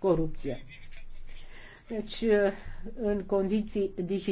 corupție. Deci, în condiții dificile,